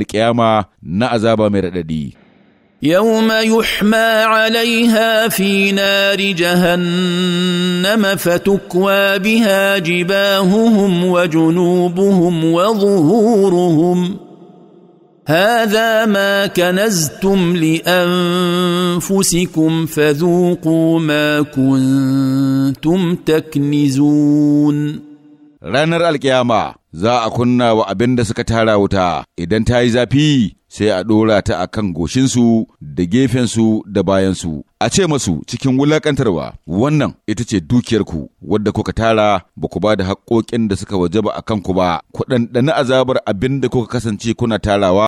القيامة نعذاب مرددي يوم يحمى عليها في نار جهنم فتكوى بها جباههم وجنوبهم وظهورهم هذا ما كنزتم لانفسكم فذوقوا ما كنتم تكنزون رنر alkiyama za a kunna wa abin da suka tara wuta idan ta yi zafi sai a ɗora ta a kan goshinsu da gefensu da bayansu a ce masu cikin wulaƙantarwa wannan ita ce dukiyarku wadda kuka tara ba ku ba da haƙoƙin da suka wajaba a kanku ba ku ɗanɗani azabar abin da kuka kasance kuna tarawa